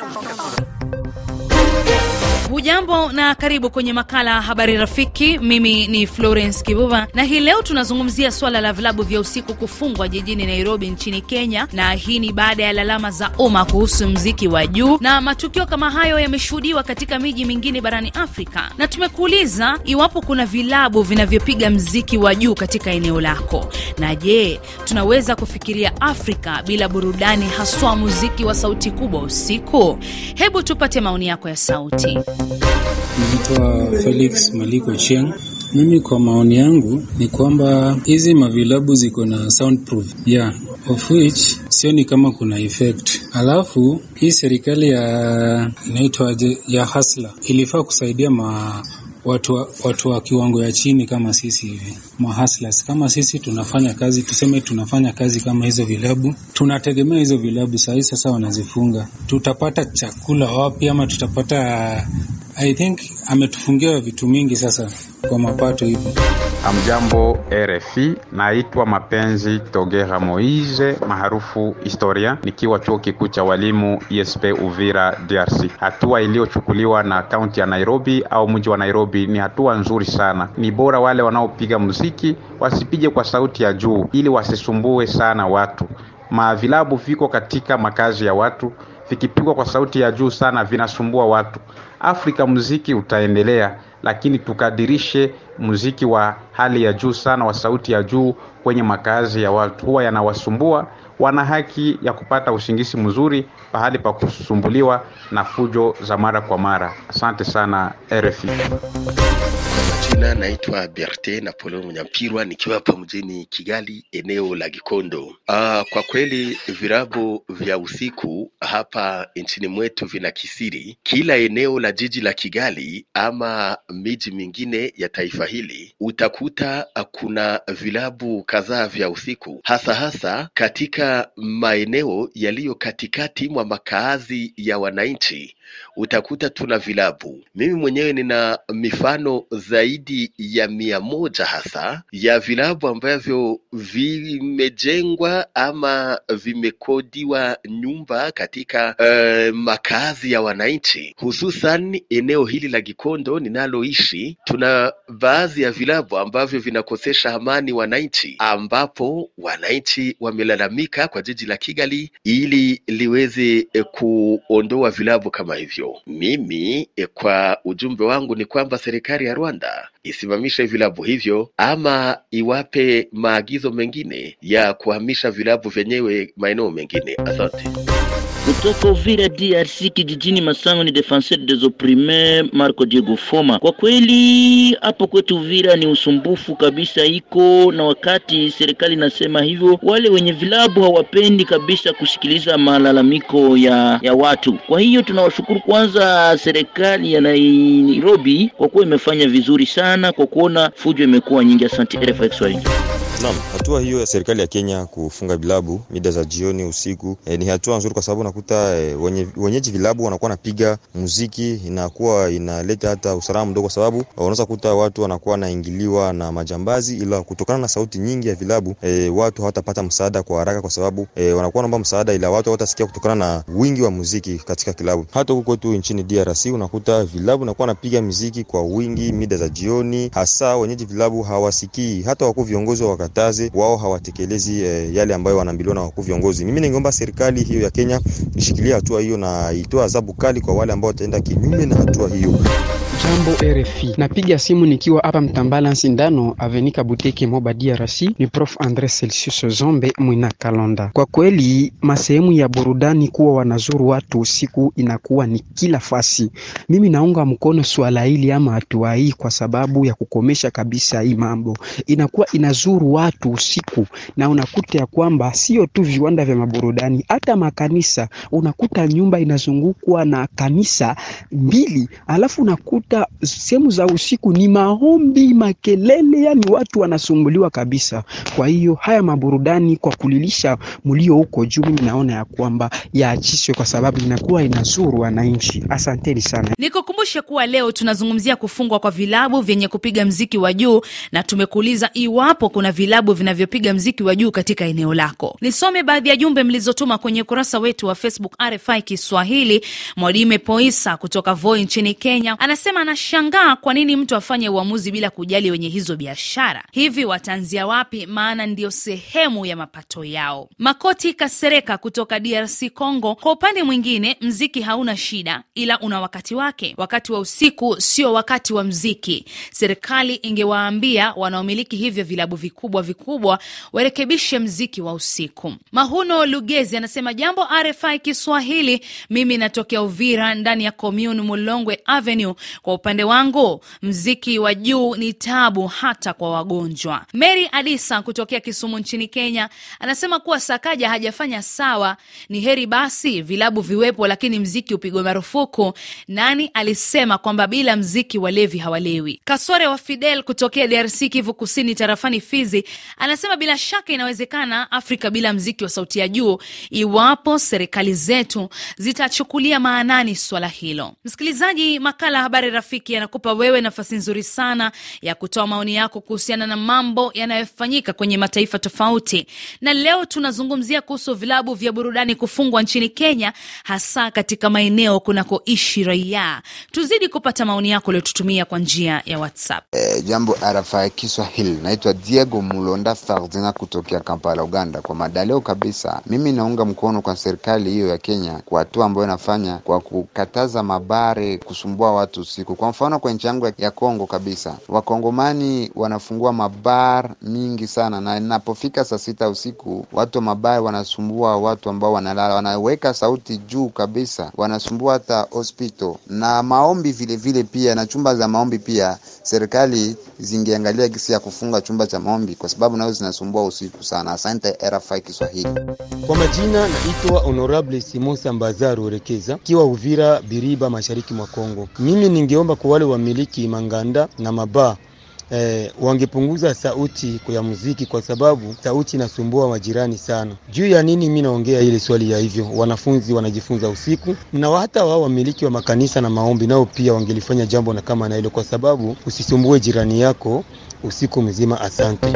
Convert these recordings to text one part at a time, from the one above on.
大炮。Hujambo na karibu kwenye makala ya habari rafiki. Mimi ni Florence Kibuba na hii leo tunazungumzia swala la vilabu vya usiku kufungwa jijini Nairobi nchini Kenya, na hii ni baada ya lalama za umma kuhusu mziki wa juu, na matukio kama hayo yameshuhudiwa katika miji mingine barani Afrika, na tumekuuliza iwapo kuna vilabu vinavyopiga mziki wa juu katika eneo lako, na je, tunaweza kufikiria Afrika bila burudani, haswa muziki wa sauti kubwa usiku? Hebu tupate maoni yako ya sauti. Naitwa Felix Maliko Cheng. Mimi kwa maoni yangu ni kwamba hizi mavilabu ziko na soundproof yeah, of which sioni kama kuna effect. Alafu hii serikali ya inaitwa ya hasla ilifaa kusaidia ma watu wa, watu wa kiwango ya chini kama sisi hivi mahaslas kama sisi tunafanya kazi, tuseme tunafanya kazi kama hizo vilabu, tunategemea hizo vilabu sahii. Sasa wanazifunga, tutapata chakula wapi? Ama tutapata I think ametufungia vitu mingi sasa kwa mapato hivi. Amjambo RFI, naitwa Mapenzi Togera Moise maarufu Historia, nikiwa chuo kikuu cha walimu ISP Uvira, DRC. Hatua iliyochukuliwa na kaunti ya Nairobi au mji wa Nairobi ni hatua nzuri sana. Ni bora wale wanaopiga muziki wasipige kwa sauti ya juu, ili wasisumbue sana watu. Maavilabu viko katika makazi ya watu vikipigwa kwa sauti ya juu sana vinasumbua watu. Afrika muziki utaendelea, lakini tukadirishe muziki wa hali ya juu sana wa sauti ya juu kwenye makazi ya watu, huwa yanawasumbua. Wana haki ya kupata usingizi mzuri pahali pa kusumbuliwa na fujo za mara kwa mara. Asante sana RFI majina naitwa Berte Napoleon Munyampirwa nikiwa hapa mjini Kigali eneo la Gikondo. Aa, ah, kwa kweli virabu vya usiku hapa nchini mwetu vina kisiri. Kila eneo la jiji la Kigali ama miji mingine ya taifa hili utakuta kuna vilabu kadhaa vya usiku, hasa hasa katika maeneo yaliyo katikati mwa makaazi ya wananchi utakuta tuna vilabu. Mimi mwenyewe nina mifano zaidi zaidi ya mia moja hasa ya vilabu ambavyo vimejengwa ama vimekodiwa nyumba katika uh, makazi ya wananchi, hususan eneo hili la Gikondo ninaloishi. Tuna baadhi ya vilabu ambavyo vinakosesha amani wananchi, ambapo wananchi wamelalamika kwa jiji la Kigali ili liweze eh, kuondoa vilabu kama hivyo. Mimi eh, kwa ujumbe wangu ni kwamba serikali ya Rwanda isimamishe vilabu hivyo ama iwape maagizo mengine ya kuhamisha vilabu vyenyewe maeneo mengine. Asante. Kutoka Uvira DRC kijijini Masango ni defenseur des opprimes Marco Diego Foma. Kwa kweli hapo kwetu Uvira ni usumbufu kabisa iko na wakati serikali inasema hivyo, wale wenye vilabu hawapendi kabisa kusikiliza malalamiko ya, ya watu. Kwa hiyo tunawashukuru kwanza serikali ya Nairobi kwa kuwa imefanya vizuri sana sana kwa kuona fujo imekuwa nyingi. Asante RFI Kiswahili. Naam, hatua hiyo ya serikali ya Kenya kufunga vilabu mida za jioni usiku, e, ni hatua nzuri kwa sababu unakuta e, wenye, wenyeji vilabu wanakuwa napiga muziki, inakuwa inaleta hata usalama mdogo, kwa sababu eh, unaweza kuta watu wanakuwa naingiliwa na majambazi, ila kutokana na sauti nyingi ya vilabu e, watu hawatapata msaada kwa haraka, kwa sababu e, wanakuwa naomba msaada, ila watu hawatasikia kutokana na wingi wa muziki katika kilabu. Hata huko kwetu nchini DRC unakuta vilabu nakuwa napiga muziki kwa wingi mida za jioni jioni, hasa wenyeji vilabu hawasikii, hata wakuu viongozi wa wakataze wao hawatekelezi e, yale ambayo wanaambiliwa na wakuu viongozi. Mimi ningeomba serikali hiyo ya Kenya ishikilie hatua hiyo na itoe adhabu kali kwa wale ambao wataenda kinyume na hatua hiyo. Jambo RFI, napiga simu nikiwa hapa Mtambala Sindano Avenika Buteke Moba DRC. Ni Prof Andre Celsius Zombe Mwina Kalonda. Kwa kweli masehemu ya burudani kuwa wanazuru watu usiku inakuwa ni kila fasi. Mimi naunga mkono swala hili ama hatua hii kwa sababu ya kukomesha kabisa hii mambo. Inakuwa inazuru watu usiku na unakuta ya kwamba sio tu viwanda vya maburudani, hata makanisa unakuta nyumba inazungukwa na kanisa mbili, alafu unakuta unakuta sehemu za usiku ni maombi, makelele, yani watu wanasumbuliwa kabisa. Kwa hiyo haya maburudani kwa kulilisha mlio huko juu, mimi naona ya kwamba yaachishwe, kwa sababu inakuwa inazuru wananchi. Asanteni sana. Nikukumbushe kuwa leo tunazungumzia kufungwa kwa vilabu vyenye kupiga mziki wa juu, na tumekuuliza iwapo kuna vilabu vinavyopiga mziki wa juu katika eneo lako. Nisome baadhi ya jumbe mlizotuma kwenye ukurasa wetu wa Facebook RFI Kiswahili. Mwalimu Poisa kutoka Voi nchini Kenya anasema anasema anashangaa kwa nini mtu afanye uamuzi bila kujali wenye hizo biashara, hivi wataanzia wapi? Maana ndiyo sehemu ya mapato yao. Makoti Kasereka kutoka DRC Congo. Kwa upande mwingine, mziki hauna shida, ila una wakati wake. Wakati wa usiku sio wakati wa mziki. Serikali ingewaambia wanaomiliki hivyo vilabu vikubwa vikubwa warekebishe mziki wa usiku. Mahuno Lugezi anasema jambo RFI Kiswahili, mimi natokea Uvira ndani ya commune Mulongwe Avenue. Kwa upande wangu, mziki wa juu ni tabu hata kwa wagonjwa. Mary Adisa kutokea Kisumu nchini Kenya anasema kuwa Sakaja hajafanya sawa, ni heri basi vilabu viwepo, lakini mziki upigwe marufuku. Nani alisema kwamba bila mziki walevi hawalewi? Kasore wa Fidel kutokea DRC, Kivu Kusini, tarafani Fizi anasema bila shaka inawezekana Afrika bila mziki wa sauti ya juu, iwapo serikali zetu zitachukulia maanani swala hilo. Msikilizaji, makala habari Rafiki yanakupa wewe nafasi nzuri sana ya kutoa maoni yako kuhusiana na mambo yanayofanyika kwenye mataifa tofauti. Na leo tunazungumzia kuhusu vilabu vya burudani kufungwa nchini Kenya, hasa katika maeneo kunakoishi raia. Tuzidi kupata maoni yako uliotutumia kwa njia ya WhatsApp. E, jambo RFI Kiswahili, naitwa Diego Mulonda Fardina kutokea Kampala, Uganda. Kwa madaleo kabisa, mimi naunga mkono kwa serikali hiyo ya Kenya kwa hatua ambayo inafanya kwa kukataza mabare kusumbua watu usiku. Kwa mfano kwa nchi yangu ya Kongo kabisa, wakongomani wanafungua mabar mingi sana, na inapofika saa sita usiku watu wa mabaya wanasumbua watu ambao wanalala, wanaweka sauti juu kabisa, wanasumbua hata hospital na maombi vile vile pia na chumba za maombi pia. Serikali zingeangalia gisi ya kufunga chumba cha maombi, kwa sababu nazo zinasumbua usiku sana. Asante RFI Kiswahili. Kwa majina naitwa Honorable Simosa Mbazaru Rekeza kiwa Uvira Biriba, mashariki mwa Kongo. Mimi ni ningeomba kwa wale wamiliki manganda na mabaa e, wangepunguza sauti ya muziki kwa sababu sauti inasumbua majirani sana. Juu ya nini mimi naongea ile swali ya hivyo, wanafunzi wanajifunza usiku na hata wao wamiliki wa makanisa na maombi nao pia wangelifanya jambo na kama na hilo, kwa sababu usisumbue jirani yako usiku mzima, asante.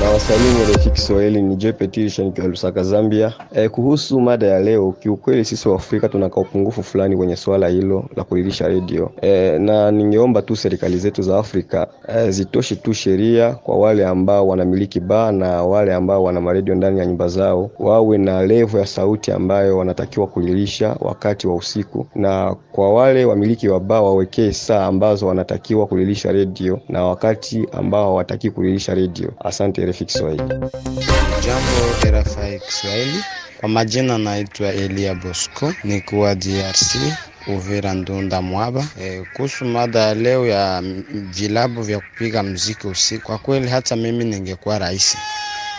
Na wasalimu rafiki Kiswahili, ni JPT nikiwa Lusaka, Zambia. E, kuhusu mada ya leo, kiukweli sisi Waafrika tunaka upungufu fulani kwenye swala hilo la kulilisha redio e, na ningeomba tu serikali zetu za Afrika e, zitoshe tu sheria kwa wale ambao wanamiliki ba na wale ambao wana maredio ndani ya nyumba zao, wawe na levo ya sauti ambayo wanatakiwa kulilisha wakati wa usiku, na kwa wale wamiliki wa ba wawekee saa ambazo wanatakiwa kulilisha redio na wakati ambao hawataki kulilisha redio. Asante RFI Kiswahili. Jambo RFI Kiswahili, kwa majina naitwa Elia Bosco, nikuwa DRC Uvira Ndunda Mwaba. E, kuhusu mada ya leo ya vilabu vya kupiga mziki usiku, kwa kweli hata mimi ningekuwa rahisi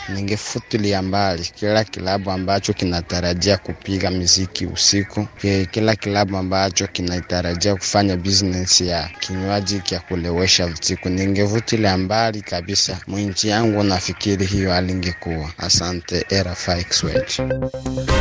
ningefutilia mbali kila kilabu ambacho kinatarajia kupiga miziki usiku, kila kilabu ambacho kinatarajia kufanya business ya kinywaji kya kulewesha usiku, ningevutilia mbali kabisa. Mwinchi yangu nafikiri hiyo alingekuwa. Asante RFI Kiswahili.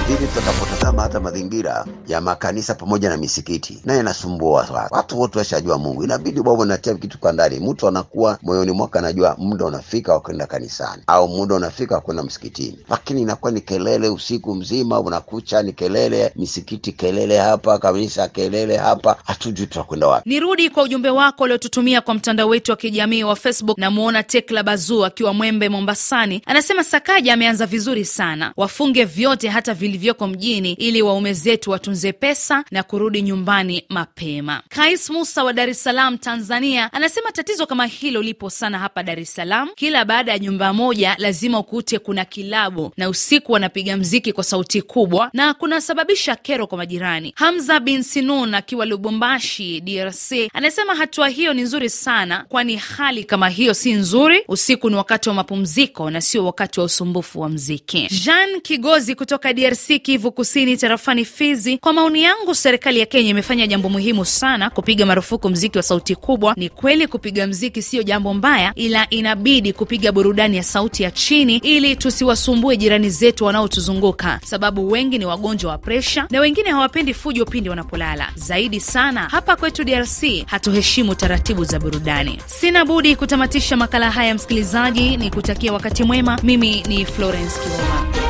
Hivi tutakapotazama hata mazingira ya makanisa pamoja na misikiti, naye nasumbua sana. Watu wote washajua Mungu, inabidi baba natia kitu kwa ndani, mtu anakuwa moyoni mwake anajua muda unafika wa kwenda kanisani au muda unafika Afrika kwenda msikitini, lakini inakuwa ni kelele usiku mzima unakucha, ni kelele misikiti, kelele hapa kabisa, kelele hapa, hatujui tutakwenda wapi. Nirudi kwa ujumbe wako uliotutumia kwa mtandao wetu wa kijamii wa Facebook. Namuona Tekla bazu akiwa Mwembe Mombasani, anasema Sakaja ameanza vizuri sana, wafunge vyote hata vilivyoko mjini ili waume zetu watunze pesa na kurudi nyumbani mapema. Kais Musa wa Dar es Salaam, Tanzania, anasema tatizo kama hilo lipo sana hapa Dar es Salaam, kila baada ya nyumba moja lazima kute kuna kilabu na usiku wanapiga mziki kwa sauti kubwa na kunasababisha kero kwa majirani. Hamza bin Sinun akiwa Lubumbashi, DRC, anasema hatua hiyo ni nzuri sana, kwani hali kama hiyo si nzuri. Usiku ni wakati wa mapumziko na sio wakati wa usumbufu wa mziki. Jean Kigozi kutoka DRC, Kivu Kusini, tarafani Fizi, kwa maoni yangu, serikali ya Kenya imefanya jambo muhimu sana kupiga marufuku mziki wa sauti kubwa. Ni kweli kupiga mziki siyo jambo mbaya, ila inabidi kupiga burudani ya sauti ya chini ili tusiwasumbue jirani zetu wanaotuzunguka, sababu wengi ni wagonjwa wa presha na wengine hawapendi fujo pindi wanapolala. Zaidi sana hapa kwetu DRC hatuheshimu taratibu za burudani. Sina budi kutamatisha makala haya, msikilizaji, ni kutakia wakati mwema. Mimi ni Florence Kiwoma.